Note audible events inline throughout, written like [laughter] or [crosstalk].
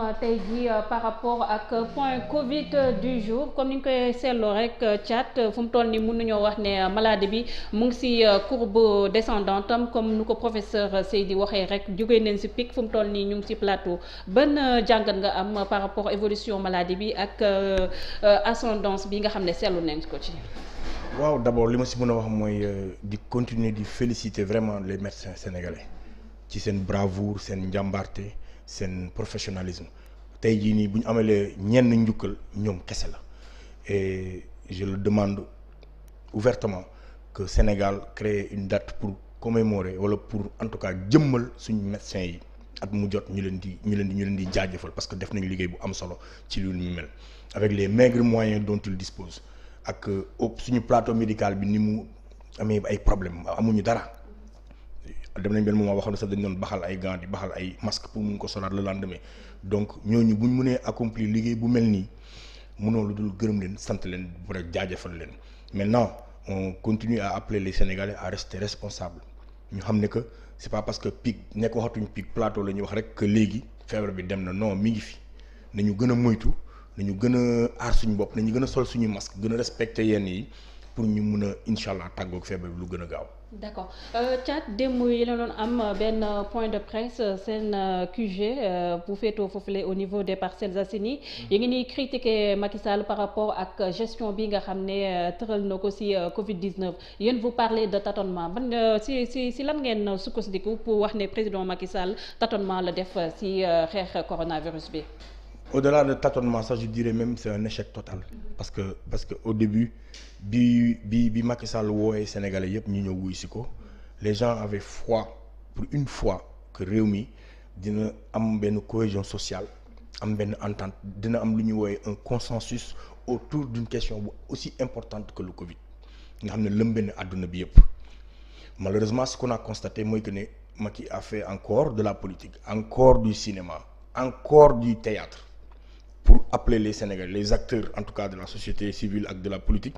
am tey jii euh, par rapport ak euh, point Covid euh, du jour comme ni ñu koy seetloo rek Thiat fu mu toll nii mën nañoo wax ne maladie bi mu ngi si courbe descendante am comme nu ko professeur di waxee rek jógee nañ si pic fu mu toll nii ñu ngi ci plateau ban jàngat nga am par rapport évolution maladie bi ak ascendance bi nga xam ne seetlu nañ ko ci. waaw d'abord li ma si mën a wax mooy di continuer di féliciter vraiment les médecins sénégalais ci seen bravoure seen njàmbaarte. seen professionnalisme tey jii nii bu ñu amalee ñenn njukkal ñoom kese la et je le demande ouvertement que Sénégal crée une date pour commémorer wala pour en tout cas jëmmal suñu médecins yi at mu jot ñu leen di ñu leen di ñu leen di jaajëfal parce que def nañu liggéey bu am solo ci lu ñu mel avec les maigres moyens dont ils dispose ak euh, suñu plateau médical bi ni mu amee ay problème amuñu dara. dem nañ benn moment wax na sax dañ doon baxal ay gants di baxal ay masque pour mun ko solaat le lendemain donc ñooñu buñ mënee accomplir liggéey bu mel nii mënoo lu dul gërëm leen sant leen bu rek jaajafal leen mais on continue à appeler les Sénégalais à rester responsables ñu xam ne que c'est pas parce que pic nekk waxatuñ pic plateau la ñuy wax rek léegi feebar bi dem na noo mi ngi fi nañu gën a moytu nañu gën a aar suñu bopp nañu gën a sol suñu masque gën a respecter yenn yi pour ñu mun a incha allah tàggoog feebar bi lu gën a gaaw. d' accord euh, Thiat démb yi la doon am benn point de presse seen euh, QG euh, bu féetoo foofule au niveau des Parcelles Assainies mm-hmm. yi ngi ni critiquer Macky Sall par rapport ak gestion bi nga xam ne tëral na ko si Covid 19 yéen vous parlez de tatonement ban si si si lan ngeen su sukkandiku pour wax ne président Macky Sall tâtonnement la def si xeex coronavirus bi. au-delà de tâtonnement sax je dirais même c'est un échec total parce que parce que au début bi bi bi Macky Sall woowee sénégalais yëpp ñu ñëw wuy si ko les gens avaient foi pour une fois que réew mi dina am benn cohésion sociale am benn entente dina am lu ñuy woowee un consensus autour du question bu aussi importante que le Covid nga xam ne lëmbenn àdduna bi yëpp malheureusement ce qu'on a constaté mooy que ne Macky a fait encore de la politique encore du cinéma encore du théâtre pour appeler les Sénégalais les acteurs en tout cas de la société civile ak de la politique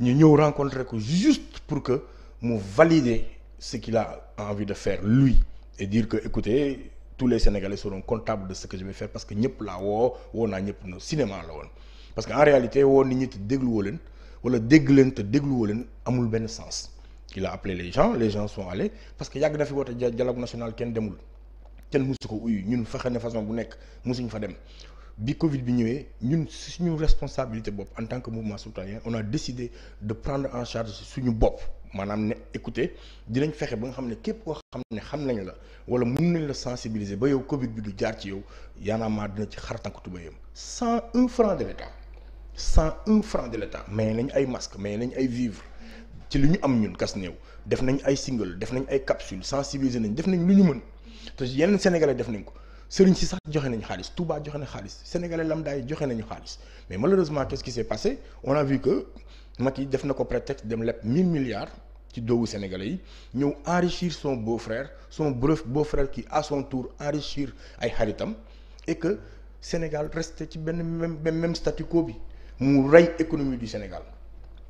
ñu ñëw rencontrer ko juste pour que mu valider ce qu'il a envie de faire lui et dire que écoutez tous les Sénégalais seront comptables de ce que je faire parce que ñëpp laa woo woo naa ñëpp na cinéma la woon parce que en réalité woo nit ñi te dégluwoo leen wala dégg leen te dégluwoo leen amul benn sens il a appelé les gens les gens sont allés parce que yàgg na fi woote dialogue national kenn demul kenn musu ko ñun fexe ne façon bu nekk musuñ fa dem bi Covid bi ñëwee ñun suñu responsabilité bopp en tant que mouvement citoyen on a décidé de prendre en charge suñu bopp maanaam ne écoutez dinañ fexe ba nga xam ne képp koo xam ne xam nañ la wala mun nañu la sensibiliser ba yow Covid bi du jaar ci yow yaanaama dina ci xar tànk tubéyam cent un franc de l'État cent un franc de l'État mais nañ ay masque mais nañ ay vivre ci li ñu am ñun kas néew def nañ ay single def nañ ay capsule sensibiliser nañ def nañ lu ñu mën te yeneen sénégalais def nañ ko sëriñ si sax joxe nañu xaalis Touba joxe na xaalis sénégalais lambda yi joxe nañu xaalis mais malheureusement qu'est-ce qui s'est passé on a vu que Macky def na ko prétexte dem leb 1000 milliards ci doowu sénégalais yi ñëw enrichir son beau-frère son beau-frère qui à son tour enrichir ay xaritam et que Sénégal resté ci benn même même statu quo bi mu rey économie du Sénégal.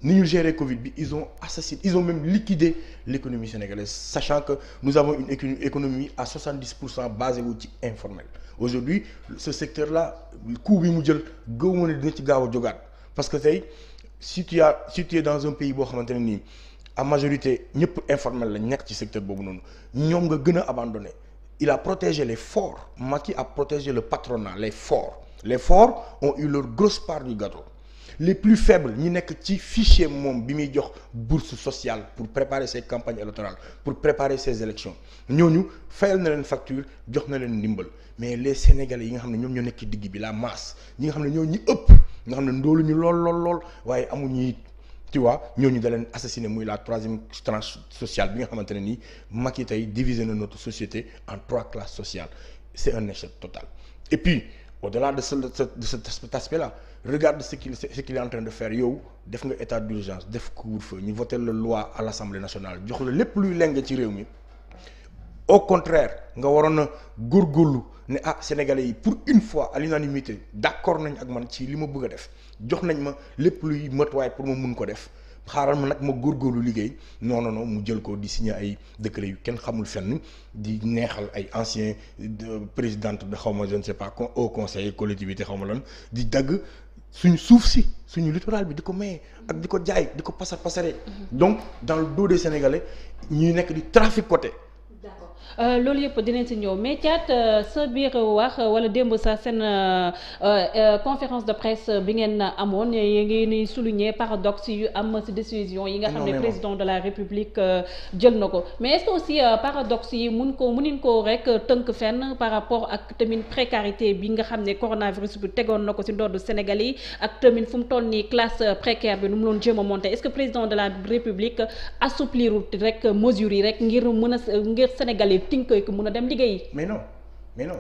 ni ñu gérer Covid bi ils ont assassiné ils ont même liquidé l'économie sénégalaise sachant que nous avons une économie à 70 pour cent basée wu ci informel aujourd'hui ce secteur là coût bi mu jël gëwuma ne dina ci gaaw a jogaat parce que tey si tu dans un pays boo xamante ne nii à majorité ñëpp informel la nekk ci secteur boobu noonu ñoom nga gën a abandonné il a protégé les forts Macky a protégé le patronat les forts les forts ont eu leur grosse part les plus faibles ñi nekk ci fichier moom bi muy jox bourse sociale pour préparer ses campagnes électorales pour préparer ses élections ñooñu fayal na leen facture jox na leen ndimbal mais les sénégalais yi nga xam ne ñoom ñoo nekk ci digg bi la masse ñi nga xam ne ñoo ñu ëpp nga xam ne ndoolu ñu lool lool lool waaye amuñu it tu vois ñooñu da leen assassiné muy la troisième tranche sociale bi nga xamante ne nii Macky tey divisé na notre société en trois classes sociales c'est un échec au-delà de ce de ce cet aspect-là regarde ce ce qu'il est en de faire yow def nga état d'urgence def couvre-feu ñu voté la loi à l'Assemblée nationale jox la lépp luy leng ci réew mi au contraire nga waroon a góorgóorlu ne ah sénégalais yi pour une fois à l'unanimité d'accord nañ ak man ci li ma bëgg a def jox nañ ma lépp luy matuwaay pour ma mun ko def xaaral ma nag ma góor góorgóorlu liggéey non non mu jël ko di signé ay décret yu kenn xamul fenn di neexal ay ancien présidente de xaw ma je ne sais pas au conseil collectivité xaw ma lan di dagg suñu suuf si suñu littoral bi di ko maye ak di ko jaay di ko pasar pasare mm-hmm. donc dans le dos des Sénégalais ñuy nekk di traficoté. d'accord. Euh, loolu yëpp dinañ si ñëw mais Thiat euh, sa biir wax euh, wala démb sa seen conférence de presse bi ngeen amoon yi ngi ni souligner paradoxe yu am si décision yi nga xam ne président de la république jël na ko mais est-ce que aussi paradoxe yi mun ko munin ko rek tënk fenn par rapport ak tamit précarité bi nga xam ne coronavirus bi tegoon na ko si ndodd Sénégal yi ak tamit fu mu toll nii classe précaire bi nu mu doon jéem a monter est-ce que président de la république assouplirul rek mesures yi rek ngir mën a ngir Sénégal sénégalais tinkoy ko mun a dem liggéeyi. mais non mais non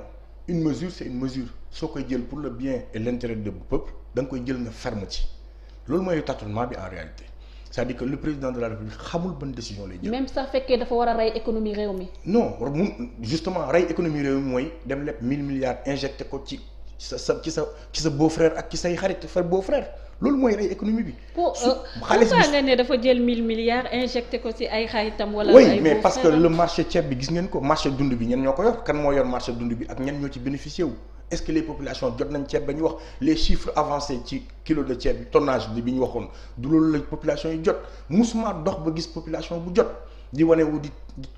une mesure c'est une mesure soo koy jël pour le bien et l'intérêt du peuple da koy jël nga ferme ci loolu mooy tâtonnement bi en réalité c'est-à-dire que le président de la république xamul ban décision lay jël. même sax fekkee dafa war a rey économie réew mi. non mun justement rey économie réew mi mooy dem leb 1000 milliards injecté ko ci. ci sa sa ci sa ci sa beau frère ak ci say xarit fa beau frère loolu mooy rey économie bi. su euh, xaalis bi nga ne dafa jël 1000 milliards injecté ko ci ay xaritam. wala ay oui mais parce que le marché ceeb bi gis ngeen ko marché dund bi ñen ñoo ko yor kan moo yor marché dund bi ak ñen ñoo ci bénéficié wu. est-ce que les populations jot nañ ceeb ba ñu wax les chiffres avancés ci kilo de ceeb bi tonnage bi ñu waxoon du loolu la population yi jot musuma dox ba gis population bu jot. di wane wu di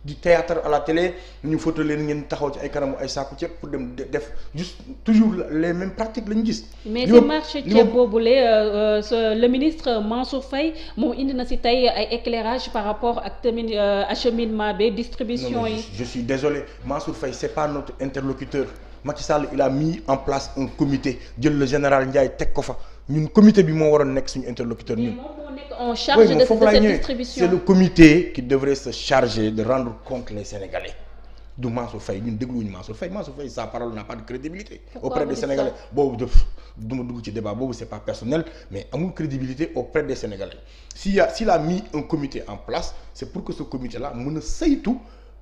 di théâtre à la télé ñu photo leen ngeen taxaw ci ay kanamu ay saaku ceeb pour dem def juste toujours les mêmes pratiques la ñu gis. mais ci marché ceeb boobule euh, le ministre Mansour Faye moom indi na si tey ay éclairage par rapport ak tamit euh, acheminement bi distribution yi. je suis désolé Mansour Faye c'est pas notre interlocuteur. Macky Sall il a mis en place un comité jël la général Ndiaye teg ko fa ñun comité bi moo waroon nekk suñu interlocuteur ñun. nekk en charge oui, de, de cette distribution c'est le comité qui devrait se charger de rendre compte les Sénégalais du Mansour Faye ñun dégluwuñu Mansour Faye Mansour Faye sa parole n'a pas de crédibilité Pourquoi auprès des Sénégalais boobu def du ma dugg ci débat boobu c'est pas personnel mais amul crédibilité auprès des Sénégalais s'il si a s'il a mis un comité en place c'est pour que ce comité là mën a saytu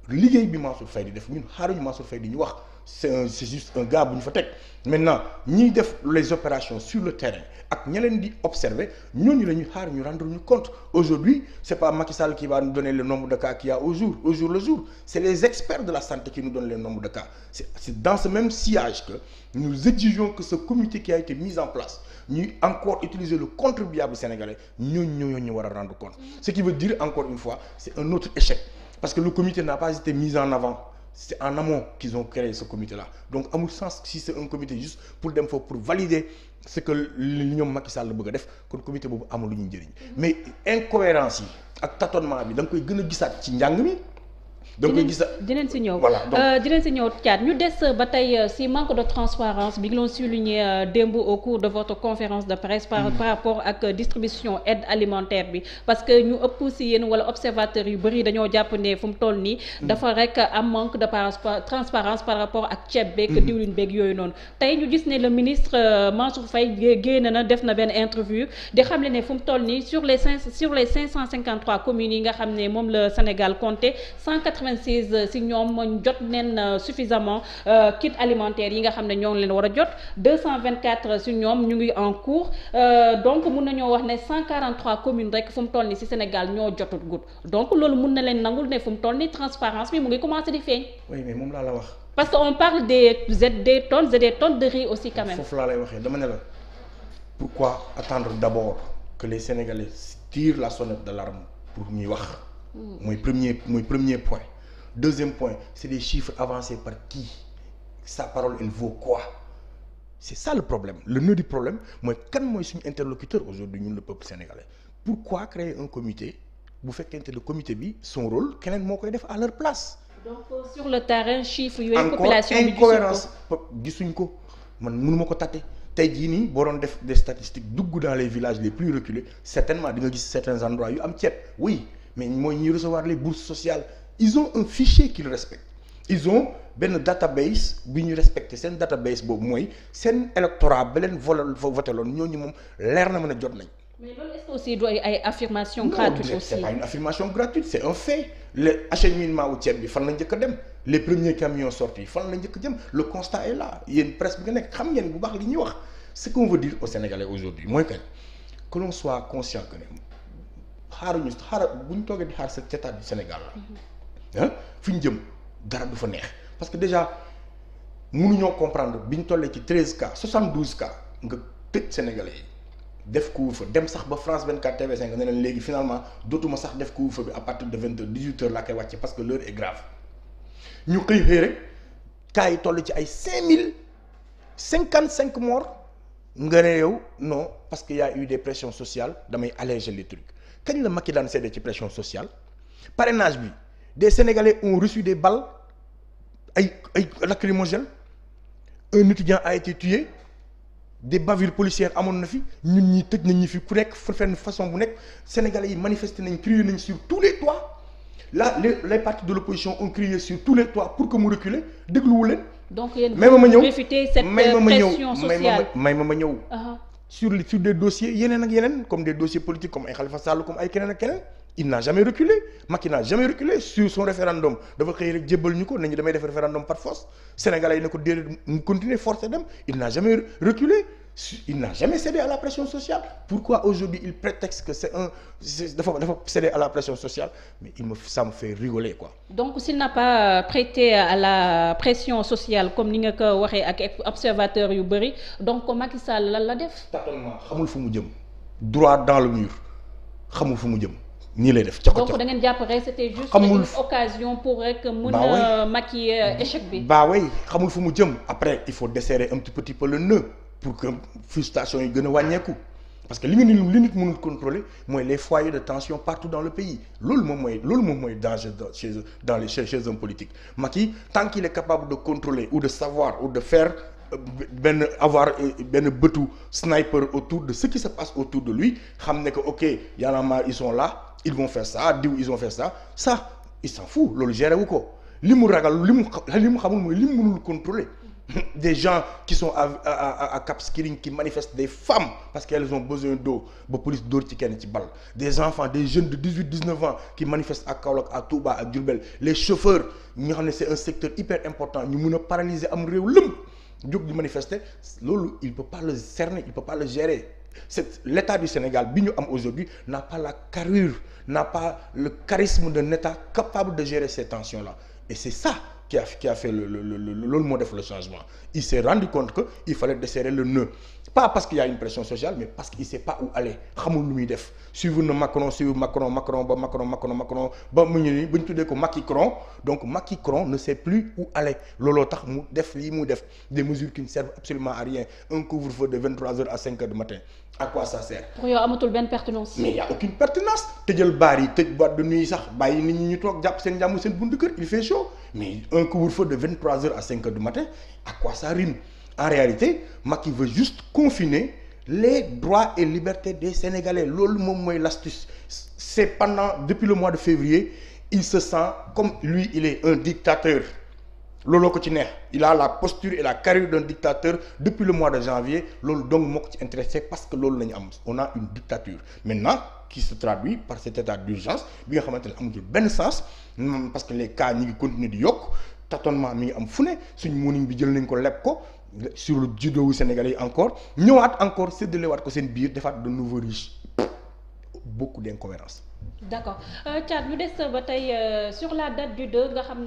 liggéey bi Mansour fay di def ñun xaaruñu Mansour Faye di ñu wax c'est un c'est juste un bu ñu fa teg maintenant ñiy def les opérations sur le terrain ak ña leen di observer ñooñu la ñuy xaar ñu rendre ñu compte aujourd'hui c'est pas Macky Sall qui va nous donner le nombre de cas qu'il y a au jour au jour le jour c'est les experts de la santé qui nous donnent le nombre de cas c'est dans ce même sillage que nous exigeons que ce comité qui a été mis en place ñuy encore utiliser le contribuable sénégalais ñooñu ñoo ñu war a rendre compte ce qui c'est en amont qu'ils ont créé ce comité-là donc amul sens si c'est un comité juste pour dem foofu pour valider ce que li ñoom Macky Sall bëgg def kon comité boobu amul lu ñuy njëriñ mais incohérence yi ak tatonement bi danga koy gën a gisaat ci njàng mi. da nga koy gis si ñëw voilà euh, si ñëw Thiat ñu des euh, ba tey euh, si manque de transparence bi ngi loon souligner démb au cours de votre conférence de presse par mm. par rapport ak distribution aide alimentaire bi parce que ñu ëpp si yéen wala observateurs yu bëri dañoo jàpp ne fu mu toll nii mm. dafa rek am manque de transparence par rapport ak ceeb beeg mm. diwlin beeg yooyu noonu tey ñu gis ne le ministre Mansour Faye génn na def na benn interview di xam le ne fu mu toll nii sur cinq sur cinq cent cinquante trois communes nga xam ne moom la Sénégal compté cent 96 euh, si ñoom jot neen euh, suffisamment euh, kit alimentaire yi nga xam ne ñoo leen war a jot 224 si ñoom ñu ngi en cours donc mun na ñoo wax ne 143 communes rek fu mu toll nii si Sénégal ñoo jotut gut donc loolu mun na leen nangul ne fu mu toll ni transparence bi mu ngi commencé di feeñ. oui mais moom laa la wax. parce que on parle des des d et des tonnes de aussi quand même. foofu laa lay waxee dama ne la pourquoi attendre d'abord que les Sénégalais tirent la sonnette d'alarme pour ñuy wax. Hmm. mooy premier mooy premier point. deuxième point c'est des chiffres avancés par qui sa parole elle vaut quoi c'est ça le problème le nœud du problème mooy kan mooy suñu interlocuteur aujourd'hui ñun la peuple sénégalais pourquoi créer un comité bu fekkente ne comité bi son rôle keneen moo koy def à leur place. donc euh, sur le terrain chiffres yooyu. population bi incohérence gisuñ ko man mënu ma ko tàtte tey jii nii boo doon def des statistiques dugg dans les villages les plus reculés certainement di nga gis certains endroits yu am ceeb oui mais ñuy recevoir les bourses sociales. ils ont un fichier qu'ils respectent ils ont benn database bi ñu respecté seen database boobu mooy seen électorat ba leen volal voteloon ñooñu moom leer na mën a jot nañ. mais loolu est-ce que aussi doy ay affirmation gratuite c'est un fait le acheminement wu ceeb bi fan la njëkk a dem les premiers camions sortis fan la njëkk a jëm le constat est là yéen presse bi nga nekk xam ngeen bu baax li ñuy wax ce qu'on veut dire aux Sénégalais aujourd'hui mooy que que l'on soit conscient que xaaruñu xaar bu ñu toogee di xaar cet état du ah fi ñu jëm dara du fa neex parce que déjà mënuñoo comprendre bi ñu tollee ci treize cas soixante douze cas nga tëj sénégalais yi def couvre-feu dem sax ba France 24 TV5 nga ne léegi finalement dootuma sax def couvre-feu bi à partir de vingt heures dix huit heures laa koy wàcce parce que l'heure est grave ñu xëy xëy rek cas yi toll ci ay cinq mille cinquante cinq morts nga ne yow non parce que y a eu des pressions sociales damay alléger les trucs kañ la Macky daan seede ci pression sociale parrainage bi. des Sénégalais on reçu des balles ay ay lacrymogènes un étudiant a été tué des bavures policières amoon na fi ñun ñi tëj nañ ñu fi ku nekk fu fenn façon bu nekk Sénégalais yi manifesté nañ crié nañ sur tous les toits là les les partis de l'opposition ont crié sur tous les toits pour que mu reculer dégluwu leen. may ma ma ñëw may ma ma ñëw may ma uh-huh. sur sur des yeneen ak yeneen comme des dossiers politiques comme ay Khalifa Sall comme ay keneen ak keneen. il n'a jamais reculé Macky n'a jamais reculé sur son référendum dafa xëy rek jébbal ñu ko nañu damay def référendum par force sénégalais yi ne ko déedéet mu continuer forcé dem il n'a jamais reculé il n'a jamais cédé à la pression sociale pourquoi aujourd'hui il prétexte que c'est un dafa dafa céder à la pression sociale mais il me ça fait rigoler quoi donc si n'a pas prêté à la pression sociale comme ni nga ko waxee ak observateur yu bëri donc Macky Sall lan la def xamul fu mu jëm droit dans le mur xamul fu mu jëm nii lay def. cox donc da ngeen jàpp rek c'était juste une occasion pour rek mën a maquiller euh, échec bi. bah oui xamul fu mu jëm après il faut desserrer un petit peu le nœud pour que frustration yi gën a wàññeeku parce que li nga ni nit mënul contrôler mooy les foyers de tension partout dans le pays loolu moom mooy loolu moom mooy danger chez dans les chez chez un politique Macky tant qu'il est capable de contrôler ou de savoir ou de faire. Euh, benn avoir euh, benn bëtu sniper autour de ce qui se de lui xam ne que ok a marre ils sont ils vont faire ça diw ils vont faire il s'en fout loolu géré wu ko li mu ragal li mu li mu xamul mooy li mu mënul contrôler [laughs] des gens qui sont à à à Cap Skirring qui manifestent des femmes parce qu'elles ont besoin d'eau ba police dóor ci kenn ci bal des enfants des jeunes de 18 19 ans qui manifestent à Kaolack à Touba ak Diourbel les chauffeurs ñi nga xam ne c'est un secteur hyper important ñu mun a paralyser am réew lëmb jóg di manifester loolu il peut pas le c'est l'État du Sénégal bi ñu am aujourd'hui n'a pas la carrure n'a pas le charisme d'un État capable de gérer ces tensions-là et c'est ça qui a, qui a def le, le, le, le, mot de le changement. Il s'est rendu compte qu'il fallait desserrer le nœud. Pas parce qu'il y une pression sociale, mais parce qu'il ne sait pas où aller. Il ne Si vous Macron, si vous Macron, Macron, Macron, Macron, Macron, Macron, donc Macron ne sait plus où aller. Lolotar, def, def, des mesures qui ne servent absolument à rien. Un couvre-feu de 23h à 5h du matin. À quoi y' a aucune pertinence tëjal baar seen jàmm mais un couvre-feu de 23 heures à 5 du matin à quoi ça rime en réalité les droits et des Sénégalais loolu moom mooy l'astuce c'est pendant depuis le mois de février il se sent comme lui il est un dictateur looloo ko ci neex il a la posture et la carrure d'un dictateur depuis le mois de janvier loolu donc moo ko ci intéressé parce que loolu la am on a une dictature maintenant qui se traduit par cet état d'urgence bi nga xamante ne am fu ne suñ morning bi jël nañ ko leb ko sur le judo wu sénégalais yi encore ñëwaat encore séddalewaat ko seen biir defaat de nouveaux riches beaucoup d'incohérence d'accord euh, Thiat ñu des ba tey euh, sur la date du nga xam